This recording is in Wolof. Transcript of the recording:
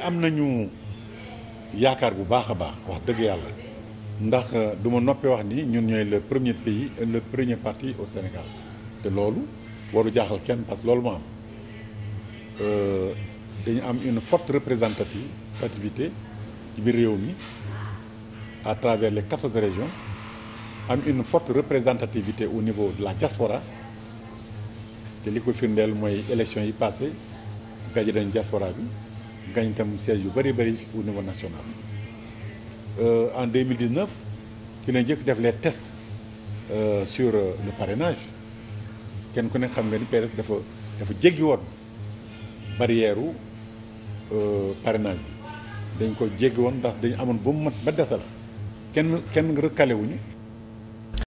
am nañu yaakaar bu baax a baax wax dëgg yàlla ndax euh, du ma noppi wax ni ñun ñooy le premier pays le premier parti au Sénégal te loolu waru jaaxal kenn parce que loolu moo am euh, dañu am une forte représentativité ci biir réew mi à travers les quatorze régions am une forte représentativité au niveau de la diaspora te li ko firndeel mooy élection yi passé gaje dañu jaspora bi gañ tam siège yu bëri bëri au niveau national euh, en 2019 ci la njëkk def les tests euh, sur euh, le parrainage kenn ku ne xam nga ni PDS dafa dafa jéggi woon barrière u parrainage bi dañ ko jéggi woon ndax dañu amoon ba mu mat ba desal kenn kenn recalé wuñu